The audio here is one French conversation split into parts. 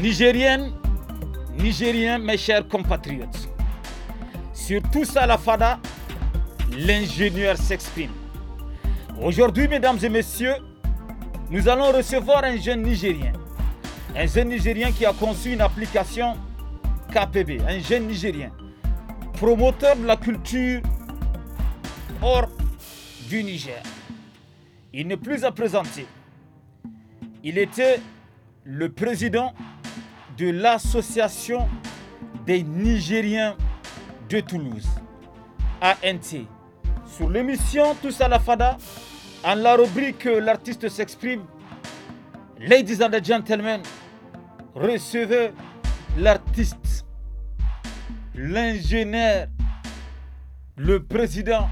Nigériennes, Nigériens, mes chers compatriotes, sur tout ça la fada, l'ingénieur s'exprime. Aujourd'hui, mesdames et messieurs, nous allons recevoir un jeune Nigérien. Un jeune Nigérien qui a conçu une application KPB, un jeune Nigérien, promoteur de la culture hors du Niger. Il n'est plus à présenter. Il était le président de l'Association des Nigériens de Toulouse, ANT, sur l'émission Tous à la Fada, en la rubrique L'artiste s'exprime. Ladies and gentlemen, recevez l'artiste, l'ingénieur, le président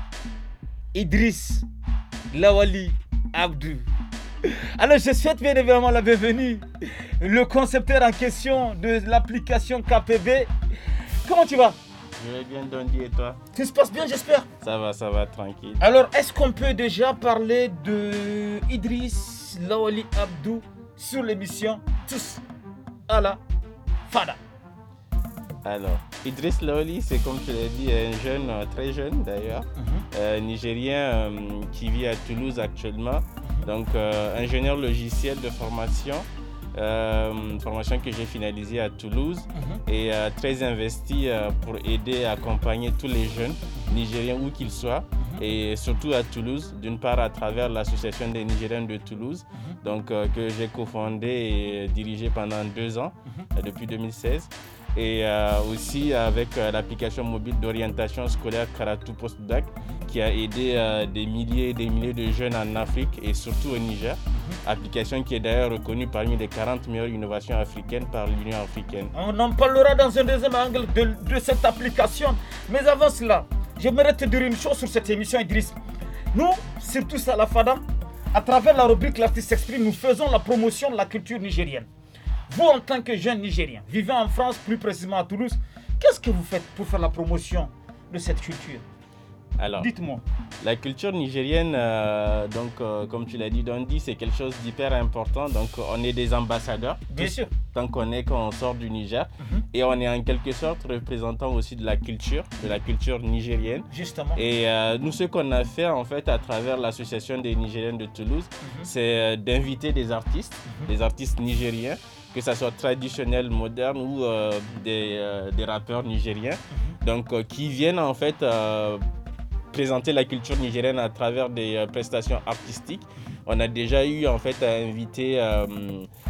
Idriss Lawali Abdou. Alors je souhaite bien évidemment la bienvenue. Le concepteur en question de l'application KPB. Comment tu vas Je vais bien Dondi et toi Tout se passe bien j'espère Ça va, ça va, tranquille. Alors est-ce qu'on peut déjà parler de Idriss Lawali Abdou sur l'émission Tous à la Fada alors, Idriss Laoli, c'est comme tu l'as dit, un jeune, euh, très jeune d'ailleurs, mhm. euh, nigérien euh, qui vit à Toulouse actuellement donc euh, ingénieur logiciel de formation, euh, formation que j'ai finalisée à Toulouse mhm. et euh, très investi pour aider et accompagner tous les jeunes nigériens où qu'ils soient mhm. et surtout à Toulouse, d'une part à travers l'association des Nigériens de Toulouse, mhm. donc que j'ai cofondé et dirigé pendant deux ans, depuis 2016, et aussi avec l'application mobile d'orientation scolaire Karatou Postbac, qui a aidé euh, des milliers et des milliers de jeunes en Afrique et surtout au Niger. Mhm. Application qui est d'ailleurs reconnue parmi les 40 meilleures innovations africaines par l'Union africaine. On en parlera dans un deuxième angle de, cette application. Mais avant cela, j'aimerais te dire une chose sur cette émission, Idriss. Nous, surtout Salafadam, à travers la rubrique L'artiste s'exprime, nous faisons la promotion de la culture nigérienne. Vous, en tant que jeune Nigérien, vivant en France, plus précisément à Toulouse, qu'est-ce que vous faites pour faire la promotion de cette culture alors, dites-moi. La culture nigérienne, euh, donc, euh, comme tu l'as dit, Dondi, c'est quelque chose d'hyper important. Donc, on est des ambassadeurs. Bien sûr. Tant qu'on est, quand sort du Niger. Mhm. Et on est en quelque sorte représentant aussi de la culture, de la culture nigérienne. Justement. Et euh, nous, ce qu'on a fait, en fait, à travers l'Association des Nigériens de Toulouse, mhm. c'est d'inviter des artistes, mhm. des artistes nigériens que ce soit traditionnel, moderne ou des, rappeurs nigériens. Donc, qui viennent en fait présenter la culture nigérienne à travers des euh, prestations artistiques. On a déjà eu en fait à inviter euh,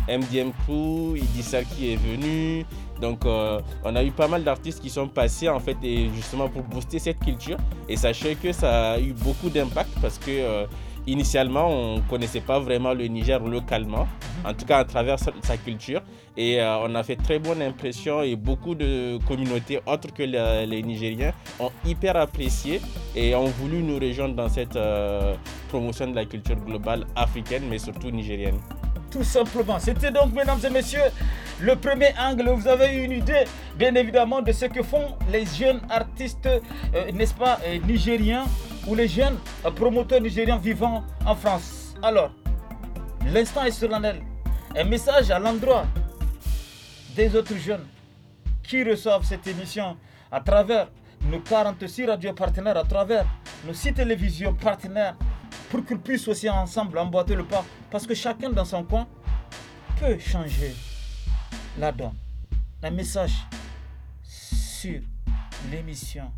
MDM Crew, ça qui est venu. Donc euh, on a eu pas mal d'artistes qui sont passés en fait et justement pour booster cette culture. Et sachez que ça a eu beaucoup d'impact parce que euh, Initialement, on ne connaissait pas vraiment le Niger localement, en tout cas à travers sa culture. Et euh, on a fait très bonne impression et beaucoup de communautés autres que les, Nigériens ont hyper apprécié et ont voulu nous rejoindre dans cette euh, promotion de la culture globale africaine, mais surtout nigérienne. Tout simplement. C'était donc, mesdames et messieurs, le premier angle. Vous avez une idée, bien évidemment, de ce que font les jeunes artistes, euh, n'est-ce pas, nigériens ou les jeunes euh, promoteurs nigériens vivant en France. Alors, l'instant est solennel. Un message à l'endroit des autres jeunes qui reçoivent cette émission à travers nos 46 radios partenaires, à travers nos 6 télévisions partenaires, pour qu'ils puissent aussi ensemble emboîter le pas, parce que chacun dans son coin peut changer la donne. Un message sur l'émission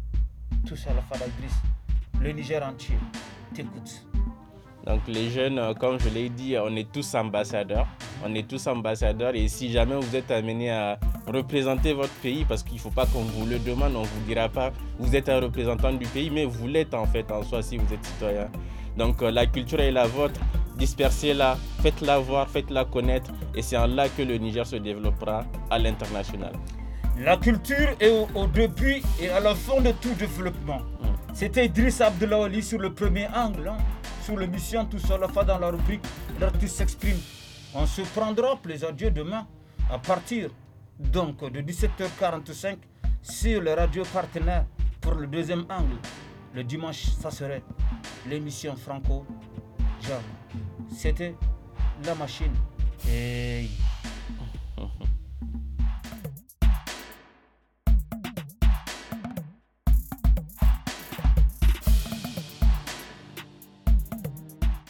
Tous à la Fada le Niger entier t'écoute. Donc les jeunes, euh, comme je l'ai dit, on est tous ambassadeurs. On est tous ambassadeurs et si jamais vous êtes amené à représenter votre pays, parce qu'il ne faut pas qu'on vous le demande, on ne vous dira pas vous êtes un représentant du pays, mais vous l'êtes en fait en soi si vous êtes citoyen. Donc euh, la culture est la vôtre, dispersez-la, faites-la voir, faites-la connaître et c'est en là que le Niger se développera à l'international. La culture est au, au début et à la fin de tout développement. C'était Idriss Abdoulaye sur le premier angle, hein. sur l'émission Tout seul dans la rubrique L'artiste s'exprime. On se prendra plaisir adieux demain à partir donc de 17h45 sur le radio partenaire pour le deuxième angle. Le dimanche, ça serait l'émission Franco. C'était la machine.